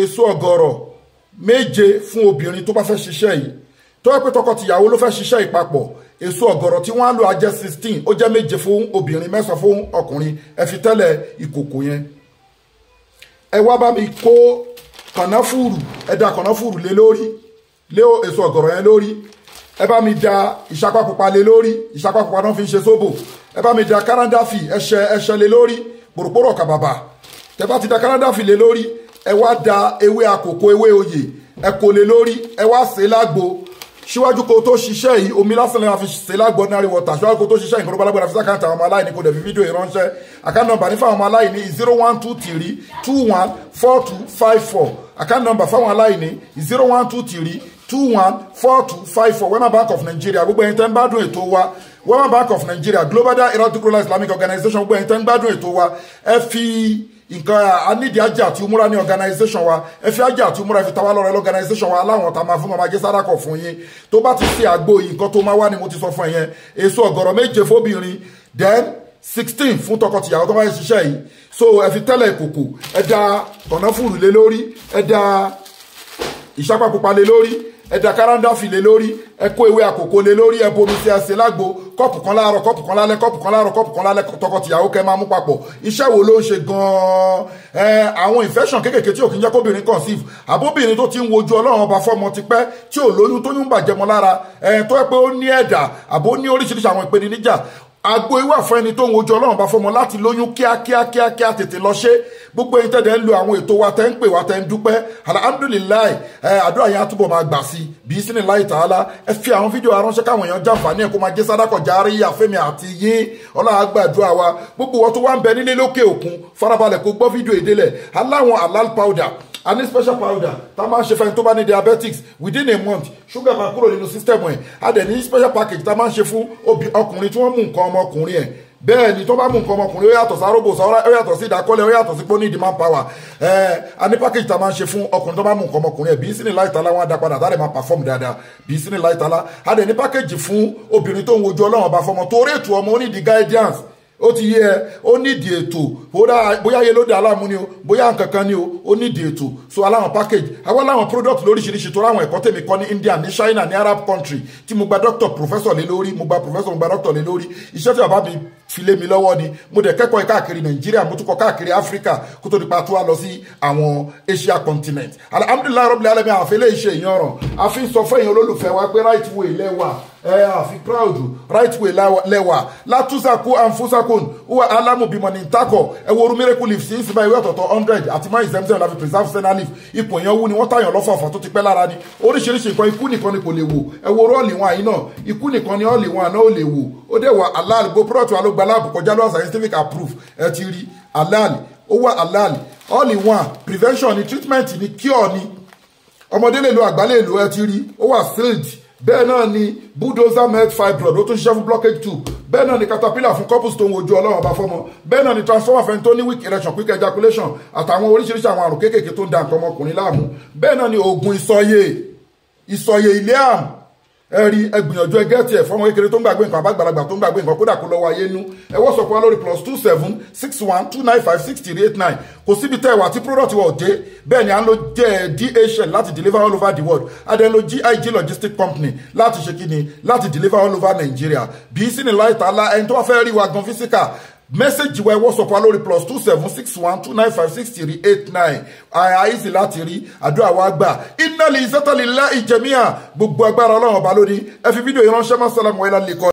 èso ọ̀gọ̀rọ̀ méje fún obìnrin tó bá fẹ́ ṣiṣẹ́ yìí tó yẹ pé tọkọtìyàwó ló fẹ́ ṣiṣẹ́ ìpapọ̀ èso ọ̀gọ̀rọ̀ tí wọ́n á lò á jẹ́ sixteen ó jẹ́ méje fún obìnrin mẹ́sàn-án fún ọkùnrin ẹ fi tẹ́lẹ̀ ìkòkò yẹn ẹ wá bá mi kó kànáfùrù ẹ da kànáfùrù lé lórí lé èso ọ̀gọ̀rọ̀ yẹn lórí ẹ bá mi da ìṣapá pupa lé lórí ìṣapá pupa náà fi ń ṣe sóbò ẹ bá mi da kárándáfì ẹṣẹ ẹṣẹ lé lórí bòròpórò kàbàbà tẹ bá ti da kárándáfì lé lórí ẹ wá da ewé àkókò ewé oyè ẹ kò lè lórí ẹ wá ṣe lágbo síwájú kó tó ṣiṣẹ́ yìí omi lásán lẹ́yìn àfi ṣe lágbo ordinary water síwájú kó tó ṣiṣẹ́ yìí kọ́nọ́bá lágbára fi sákàtà àwọn ọmọ aláìní kò dẹ̀ fi fídíò yìí ránṣẹ́ account number ní fáwọn ọmọ aláìní zero one two three two one four two five four account number fáwọn aláìní zero one two three two one four two five four Wema Bank of Nigeria gbogbo ẹni tẹ́ ń bá dùn ètò wa Wema Bank of Nigeria Global Dahiratu Dhikrlahi Islamic Organization gbogbo ẹni tẹ́ ń bá dùn ètò wa ẹ fi nǹkan anídìí ajé àti umura ní organisation wa ẹ fi ajé àti umura fi tawá lọ́rẹ́ lọ́ganisation wa aláwọn ta máa fún ọmọ ajé sárakọ̀ fún yín tó bá ti ṣe àgbo nǹkan tó máa wá ni mo ti sọ fún ẹ̀yẹn èso ọ̀gọ̀rọ̀ méje fóbìnrin then sixteen fún tọkọtìyàwó tó bá ń ṣiṣẹ́ yìí so ẹ fi tẹ́lẹ̀ ìkòkò ẹ da kànáfùrù lé lórí ẹ da ìṣápá pupa lé lórí ẹ da káràndáfì lé lórí ẹ kó ewé àkókò lé lórí ẹ bomi tí a ṣe lágbo kọ́ọ̀pù kan láàárọ̀ kọ́ọ̀pù kan lálẹ́ kọ́ọ̀pù kan láàárọ̀ kọ́ọ̀pù kan lálẹ́ tọkọtìyàwó kẹ́ máa mú papọ̀ iṣẹ́ wo ló ń ṣe gan-an ẹ àwọn infection kéékèèké tí ò kí ń jẹ́ kóbìnrin conceive àbóbìnrin tó ti ń wojú ọlọ́run ọba fọ́mọ tipẹ́ tí ò lóyún tóyún bàjẹ́ mọ́ lára ẹ tó yẹ pé ó ní ẹ̀dà àbó ní oríṣiríṣi àwọn ìpèníjà àgbo ìwà fún ẹni tó ń wojú ọlọ́run bá fọmọ láti lóyún kíákíá kíákíá tètè lọ ṣe gbogbo ẹni tẹ̀dẹ̀ ń lo àwọn ètò wa tẹ́ ń pè wá tẹ́ ń dúpẹ́ alhamdulilayi ẹ àdúrà yẹn á túbọ̀ máa gbà sí bí sínú láì tààlà ẹ fi àwọn fídíò aránṣẹ́ káwọn èèyàn jàǹfààní ẹ̀ kó máa jẹ́ sádàkọ̀ járí àfẹ́mi àti yín ọlọ́run wa gbogbo wọn tó wá ń bẹ nílé lókè òkun farabalẹ̀ kó gbọ́ fídíò ìdílẹ̀ aláwọn alal powder a ní special powder tá a máa ń ṣe fẹ́ni diabetics within a month sugar máa kúrò nínú system ẹ̀ a dẹ̀ special package tá a máa ń ṣe fún ọkùnrin tí wọ́n mú nǹkan ọmọkùnrin ẹ̀ bẹ́ẹ̀ ni tó bá mú nǹkan ọmọkùnrin ó yàtọ̀ sí arógbòsá ó yàtọ̀ sí ìdákọ́lẹ̀ ó yàtọ̀ sí pọ́nì demand power ẹ̀ẹ́ a package tá a máa ń ṣe fún ọkùnrin tó bá mú nǹkan ọmọkùnrin ẹ̀ bí sínú láì tala wọn á da padà tá a lè máa perform dáadáa bí sínú láì tala a dẹ̀ package fún obìnrin tó ń wojú ọlọ́run ọba fọmọ torí ètò ọmọ ó ní the guidance ó ti yé ẹ ó nídìí ètò bóyá ayé ló dé aláàmú ni o bóyá nǹkan kan ni o ó nídìí ètò so aláwọn package àwọn aláwọn product lóríṣiríṣi tó ráwọn ẹ̀kọ́ tèmi kọ́ ní India ní China ní Arab country tí mo gba doctor professor lé lórí mo gba professor mo gba doctor lé lórí iṣẹ́ tí bàbá mi fi lé mi lọ́wọ́ ni mo dẹ̀ kẹ́kọ̀ọ́ káàkiri nàìjíríà mo tún kọ́ káàkiri áfíríkà kó tó nípa tó wá lọ sí àwọn asia continent alhamdulilayi rabbil alamin àfi lè ṣe èèyàn ọ̀rọ̀ àfi sọ fún èèyàn olólùfẹ́ wa pé right way lẹ́wà ẹ àfi proud right way lẹ́wà látúnṣàkó ànfúnṣàkó wà álámù bímọ ní ntakọ ẹ wo rumireku leaf sí ìsìnbá ìwé ọ̀tọ̀ọ̀tọ̀ hundred àti máa ìsẹ̀mísẹ̀ láfi preserve senna leaf ipò yẹn wú ni wọ́n tàyàn lọ́fọ̀ọ̀fọ̀ tó ti pẹ́ lára ni oríṣiríṣi nǹkan ikú nìkan ni kò lè wò ẹ wo rọ́ọ̀lì wọn àyín ikú nìkan ni ọ̀ọ̀lì wọn àná ò lè wò ó dẹ̀ wà aláàgbò product wa gba láàbù kọjá lọ́wọ́ scientific approve ẹ ti rí halal ó wà halal all in one prevention ni treatment ni cure ni ọmọdé lè lo àgbà lè lo ẹ ti rí ó wà sealed bẹ́ẹ̀ náà ni bulldozer melt fibroid ó tún ṣiṣẹ́ fún blockage two bẹ́ẹ̀ náà ni caterpillar fún couples tó ń wojú ọlọ́run ọba fọ́mọ bẹ́ẹ̀ náà ni transformer fẹ́ni tó ní weak erection quick ejaculation àtàwọn oríṣiríṣi àwọn àrùn kéékèèké tó ń da nǹkan ọmọkùnrin láàmú bẹ́ẹ̀ náà ni oògùn ìsọyè ìsọyè ilé àrùn ẹ rí ẹ gbìyànjú ẹ gẹ́tì ẹ̀ fọ́mọ kékeré tó ń gbàgbé nǹkan àbágbàlagbà tó ń gbàgbé nǹkan kódà kó lọ́wọ́ ayé nú ẹ wọ́n sọ̀kọ́ lórí plus two seven six one two nine five six three eight nine kò síbi tẹ́ ẹ̀wà tí product wa dé bẹ́ẹ̀ ni à ń lo DHL láti deliver all over the world adé ń lo GIG logistic company láti ṣe kí ni láti deliver all over Nigeria bí sínú láìta la ẹni tó wá fẹ́ rí wa gan físíkà mẹ́sẹ̀gì wa ẹ WhatsApp wa lórí plus two seven six one two nine five six three eight nine àìsí láti rí àdúrà wa gbà iná lè sẹ́tàlélá ìjẹ̀míà gbogbo agbára ọlọ́run ọba lónìí ẹ fi fídíò yìí ránṣẹ́ mọ́ sálámù ẹ̀ lálẹ́ kọ́.